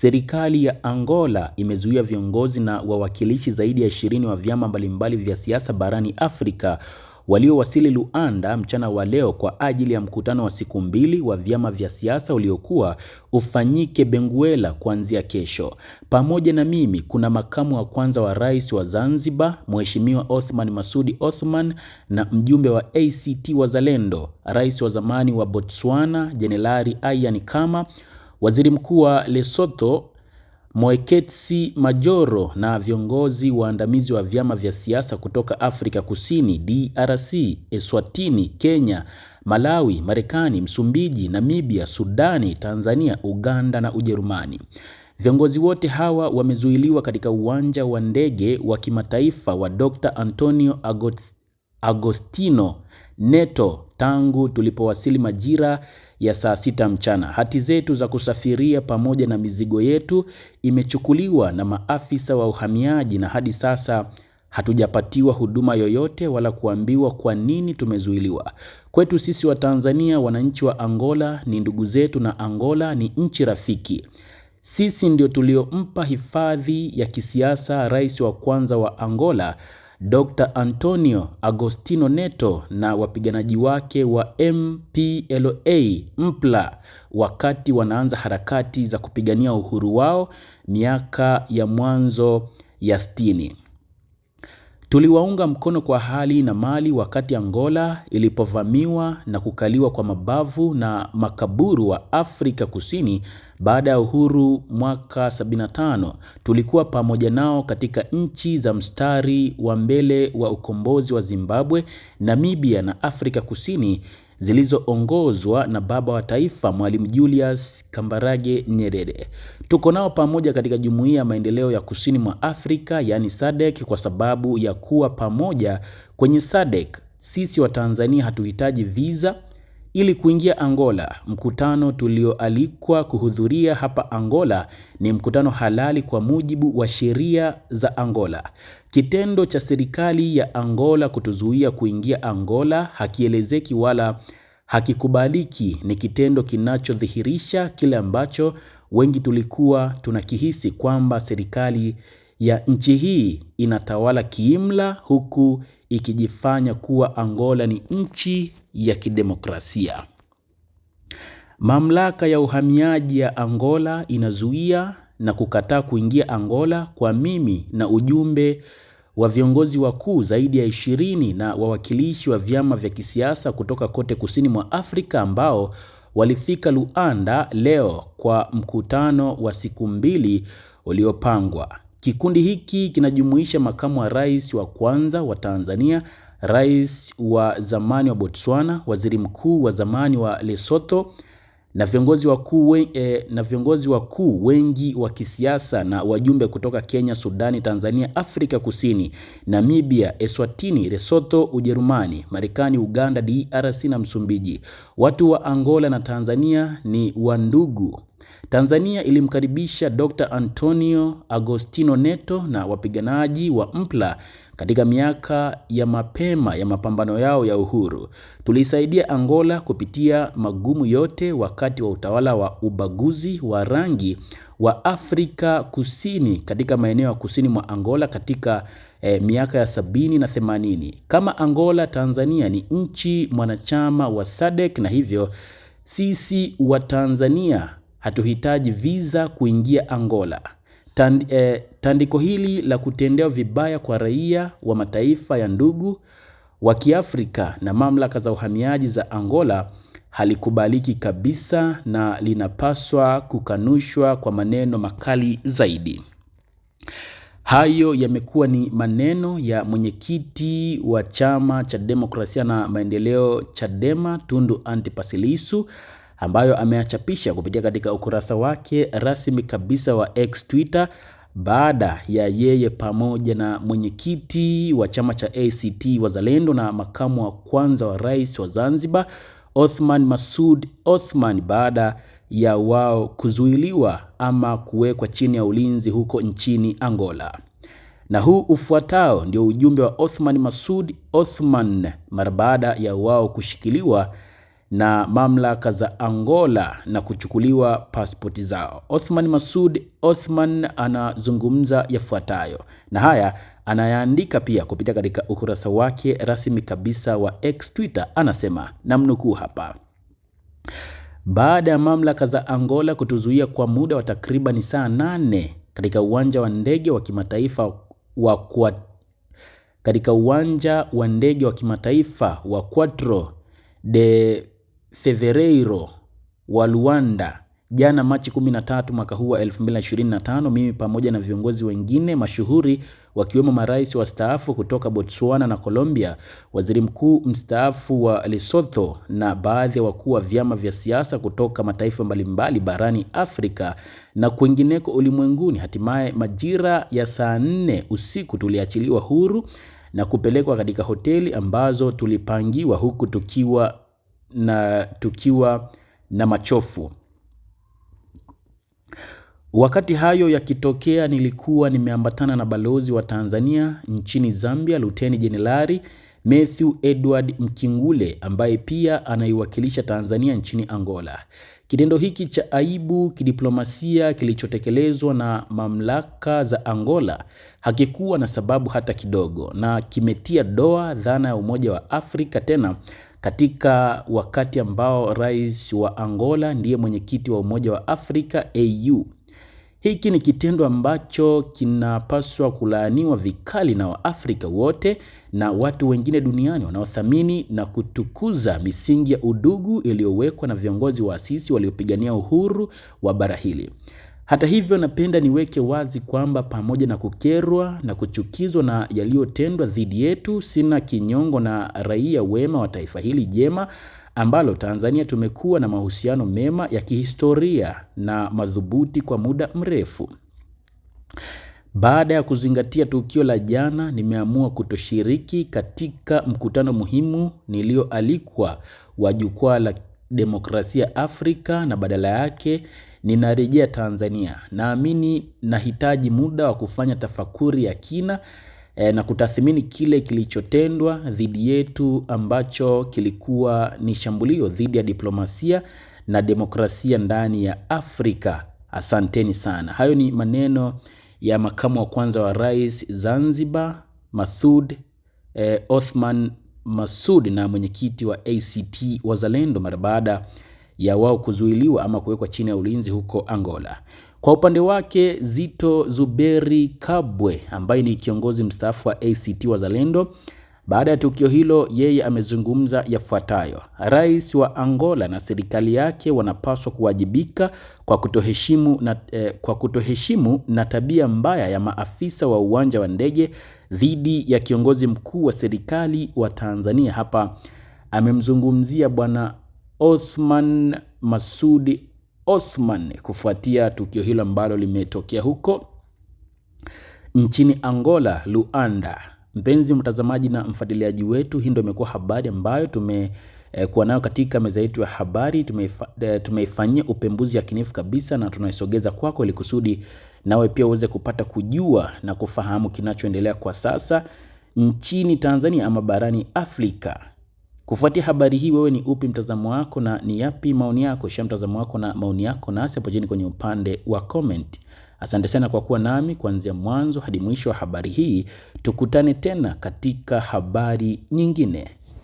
Serikali ya Angola imezuia viongozi na wawakilishi zaidi ya ishirini wa vyama mbalimbali vya siasa barani Afrika waliowasili Luanda mchana wa leo kwa ajili ya mkutano wa siku mbili wa vyama vya siasa uliokuwa ufanyike Benguela kuanzia kesho. Pamoja na mimi kuna makamu wa kwanza wa rais wa Zanzibar Mheshimiwa Othman Masudi Othman na mjumbe wa ACT Wazalendo, rais wa zamani wa Botswana Jenerali Ian Kama Waziri Mkuu wa Lesotho Moeketsi Majoro na viongozi waandamizi wa vyama vya siasa kutoka Afrika Kusini, DRC, Eswatini, Kenya, Malawi, Marekani, Msumbiji, Namibia, Sudani, Tanzania, Uganda na Ujerumani. Viongozi wote hawa wamezuiliwa katika uwanja wa ndege wa kimataifa wa Dr. Antonio Agostino Neto tangu tulipowasili majira ya saa sita mchana. Hati zetu za kusafiria pamoja na mizigo yetu imechukuliwa na maafisa wa uhamiaji na hadi sasa hatujapatiwa huduma yoyote wala kuambiwa kwa nini tumezuiliwa. Kwetu sisi wa Tanzania, wananchi wa Angola ni ndugu zetu na Angola ni nchi rafiki. Sisi ndio tuliompa hifadhi ya kisiasa rais wa kwanza wa Angola Dr. Antonio Agostino Neto na wapiganaji wake wa MPLA MPLA wakati wanaanza harakati za kupigania uhuru wao miaka ya mwanzo ya sitini. Tuliwaunga mkono kwa hali na mali wakati Angola ilipovamiwa na kukaliwa kwa mabavu na makaburu wa Afrika Kusini baada ya uhuru mwaka 75. Tulikuwa pamoja nao katika nchi za mstari wa mbele wa ukombozi wa Zimbabwe, Namibia na Afrika Kusini zilizoongozwa na baba wa taifa Mwalimu Julius Kambarage Nyerere. Tuko nao pamoja katika Jumuiya ya Maendeleo ya Kusini mwa Afrika yani SADC kwa sababu ya kuwa pamoja kwenye SADC sisi wa Tanzania hatuhitaji visa ili kuingia Angola. Mkutano tulioalikwa kuhudhuria hapa Angola ni mkutano halali kwa mujibu wa sheria za Angola. Kitendo cha serikali ya Angola kutuzuia kuingia Angola hakielezeki wala Hakikubaliki ni kitendo kinachodhihirisha kile ambacho wengi tulikuwa tunakihisi kwamba serikali ya nchi hii inatawala kiimla huku ikijifanya kuwa Angola ni nchi ya kidemokrasia. Mamlaka ya uhamiaji ya Angola inazuia na kukataa kuingia Angola kwa mimi na ujumbe wa viongozi wakuu zaidi ya ishirini na wawakilishi wa vyama vya kisiasa kutoka kote kusini mwa Afrika ambao walifika Luanda leo kwa mkutano wa siku mbili uliopangwa. Kikundi hiki kinajumuisha makamu wa rais wa kwanza wa Tanzania, rais wa zamani wa Botswana, waziri mkuu wa zamani wa Lesotho, na viongozi wakuu eh, na viongozi wakuu wengi wa kisiasa na wajumbe kutoka Kenya, Sudani, Tanzania, Afrika Kusini, Namibia, Eswatini, Lesotho, Ujerumani, Marekani, Uganda, DRC na Msumbiji. Watu wa Angola na Tanzania ni wandugu Tanzania ilimkaribisha Dr. Antonio Agostino Neto na wapiganaji wa MPLA katika miaka ya mapema ya mapambano yao ya uhuru. Tulisaidia Angola kupitia magumu yote wakati wa utawala wa ubaguzi wa rangi wa Afrika Kusini katika maeneo ya kusini mwa Angola katika eh, miaka ya sabini na themanini. Kama Angola, Tanzania ni nchi mwanachama wa SADC na hivyo sisi wa Tanzania hatuhitaji visa kuingia Angola. Tand, eh, tandiko hili la kutendewa vibaya kwa raia wa mataifa ya ndugu wa Kiafrika na mamlaka za uhamiaji za Angola halikubaliki kabisa na linapaswa kukanushwa kwa maneno makali zaidi. Hayo yamekuwa ni maneno ya mwenyekiti wa chama cha demokrasia na maendeleo Chadema Tundu Antipas Lissu ambayo ameachapisha kupitia katika ukurasa wake rasmi kabisa wa X Twitter baada ya yeye pamoja na mwenyekiti wa chama cha ACT Wazalendo na makamu wa kwanza wa rais wa Zanzibar Othman Masud Othman baada ya wao kuzuiliwa ama kuwekwa chini ya ulinzi huko nchini Angola. Na huu ufuatao ndio ujumbe wa Othman Masud Othman mara baada ya wao kushikiliwa na mamlaka za Angola na kuchukuliwa pasipoti zao. Othman Masud Othman anazungumza yafuatayo, na haya anayaandika pia kupitia katika ukurasa wake rasmi kabisa wa X Twitter. Anasema, namnukuu hapa baada ya mamlaka za Angola kutuzuia kwa muda wa takribani saa nane katika uwanja wa ndege wa kimataifa wa kwa... katika uwanja wa ndege wa kimataifa wa Quatro de Fevereiro wa Luanda jana Machi 13 mwaka huu wa 2025, mimi pamoja na viongozi wengine mashuhuri wakiwemo marais wastaafu kutoka Botswana na Colombia, waziri mkuu mstaafu wa Lesotho na baadhi ya wakuu wa vyama vya siasa kutoka mataifa mbalimbali barani Afrika na kwingineko ulimwenguni. Hatimaye majira ya saa nne usiku tuliachiliwa huru na kupelekwa katika hoteli ambazo tulipangiwa huku tukiwa na tukiwa na machofu. Wakati hayo yakitokea, nilikuwa nimeambatana na balozi wa Tanzania nchini Zambia, Luteni Jenerali Matthew Edward Mkingule ambaye pia anaiwakilisha Tanzania nchini Angola. Kitendo hiki cha aibu kidiplomasia kilichotekelezwa na mamlaka za Angola hakikuwa na sababu hata kidogo na kimetia doa dhana ya umoja wa Afrika tena katika wakati ambao rais wa Angola ndiye mwenyekiti wa Umoja wa Afrika AU. Hiki ni kitendo ambacho kinapaswa kulaaniwa vikali na Waafrika wote na watu wengine duniani wanaothamini na kutukuza misingi ya udugu iliyowekwa na viongozi wa asisi waliopigania uhuru wa bara hili. Hata hivyo, napenda niweke wazi kwamba pamoja na kukerwa na kuchukizwa na yaliyotendwa dhidi yetu, sina kinyongo na raia wema wa taifa hili jema ambalo Tanzania tumekuwa na mahusiano mema ya kihistoria na madhubuti kwa muda mrefu. Baada ya kuzingatia tukio la jana, nimeamua kutoshiriki katika mkutano muhimu nilioalikwa wa Jukwaa la Demokrasia Afrika na badala yake ninarejea Tanzania. Naamini nahitaji muda wa kufanya tafakuri ya kina e, na kutathmini kile kilichotendwa dhidi yetu ambacho kilikuwa ni shambulio dhidi ya diplomasia na demokrasia ndani ya Afrika. Asanteni sana. Hayo ni maneno ya makamu wa kwanza wa rais Zanzibar masud e, eh, Othman Masud na mwenyekiti wa ACT Wazalendo mara baada ya wao kuzuiliwa ama kuwekwa chini ya ulinzi huko Angola. Kwa upande wake Zito Zuberi Kabwe ambaye ni kiongozi mstaafu wa ACT Wazalendo, baada ya tukio hilo, yeye amezungumza yafuatayo: Rais wa Angola na serikali yake wanapaswa kuwajibika kwa kutoheshimu na, eh, kwa kutoheshimu na tabia mbaya ya maafisa wa uwanja wa ndege dhidi ya kiongozi mkuu wa serikali wa Tanzania. Hapa amemzungumzia Bwana Othman Masudi Othman kufuatia tukio hilo ambalo limetokea huko nchini Angola, Luanda. Mpenzi mtazamaji na mfuatiliaji wetu, hii ndio imekuwa habari ambayo tume eh, kuwa nayo katika meza yetu ya habari. Eh, tumeifanyia upembuzi yakinifu kabisa na tunaisogeza kwako ili kusudi nawe pia uweze kupata kujua na kufahamu kinachoendelea kwa sasa nchini Tanzania ama barani Afrika. Kufuatia habari hii, wewe ni upi mtazamo wako na ni yapi maoni yako? Shia mtazamo wako na maoni yako nasi hapo chini kwenye upande wa comment. Asante sana kwa kuwa nami kuanzia mwanzo hadi mwisho wa habari hii. Tukutane tena katika habari nyingine.